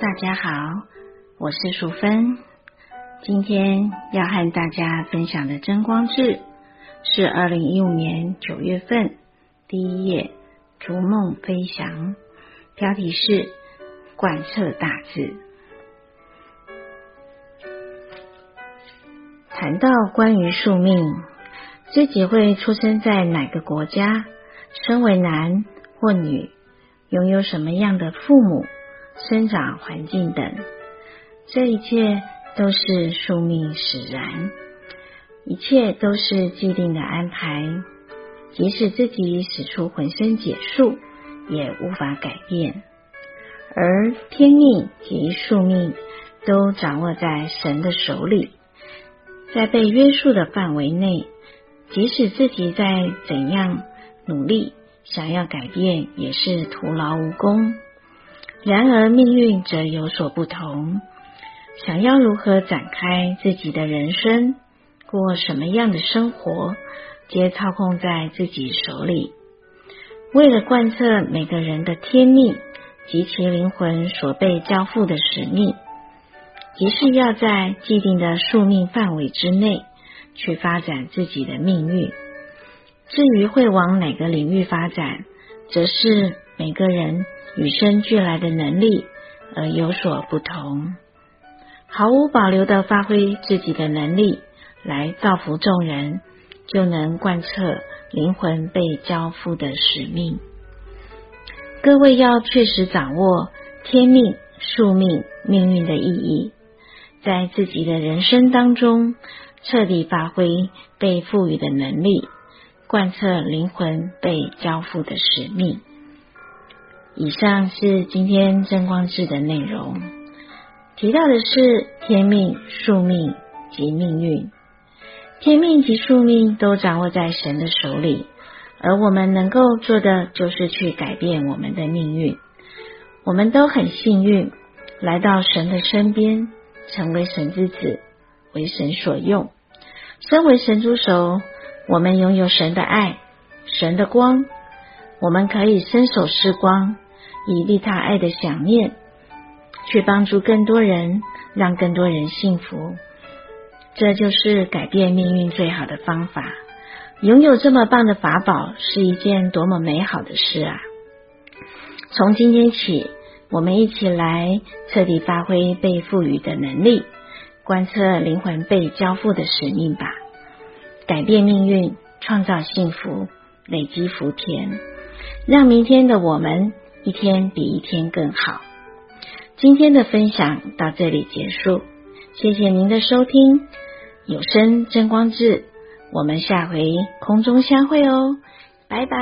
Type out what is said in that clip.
大家好，我是淑芬。今天要和大家分享的《真光志》是二零一五年九月份第一頁《逐夢飛翔》，標題是“貫徹大志”。談到關於宿命，自己會出生在哪個國家，身為男或女，擁有什麼樣的父母？生長環境等，這一切都是宿命使然，一切都是既定的安排。即使自己使出渾身解數，也無法改變。而天命及宿命都掌握在神的手裡，在被約束的範圍內，即使自己再怎樣努力，想要改變也是徒勞無功。然而，命運則有所不同。想要如何展開自己的人生，過什麼樣的生活，皆操控在自己手裡。為了貫徹每個人的天命及其靈魂所被交付的使命，即是要在既定的宿命範圍之內去發展自己的命運。至於會往哪個領域發展，則是，每個人與生俱來的能力而有所不同。毫無保留地發揮自己的能力來造福眾人，就能貫徹靈魂被交付的使命。各位要確實掌握天命、宿命、命運的意義，在自己的人生當中徹底發揮被賦予的能力，貫徹靈魂被交付的使命。以上是今天真光誌的內容，提到的是天命、宿命及命運。天命及宿命都掌握在神的手裡，而我們能夠做的就是去改變我們的命運。我們都很幸運來到神的身邊，成為神之子，為神所用。身為神之手，我們擁有神的愛、神的光，我們可以伸手施光。以利他愛的想念，去幫助更多人，讓更多人幸福，這就是改變命運最好的方法。擁有這麼棒的法寶，是一件多麼美好的事啊！從今天起，我們一起來徹底發揮被賦予的能力，貫徹靈魂被交付的使命吧！改變命運，創造幸福，累積福田，讓明天的我們。一天比一天更好。今天的分享到這裡結束，謝謝您的收聽。有聲真光誌，我們下回空中相會哦，拜拜。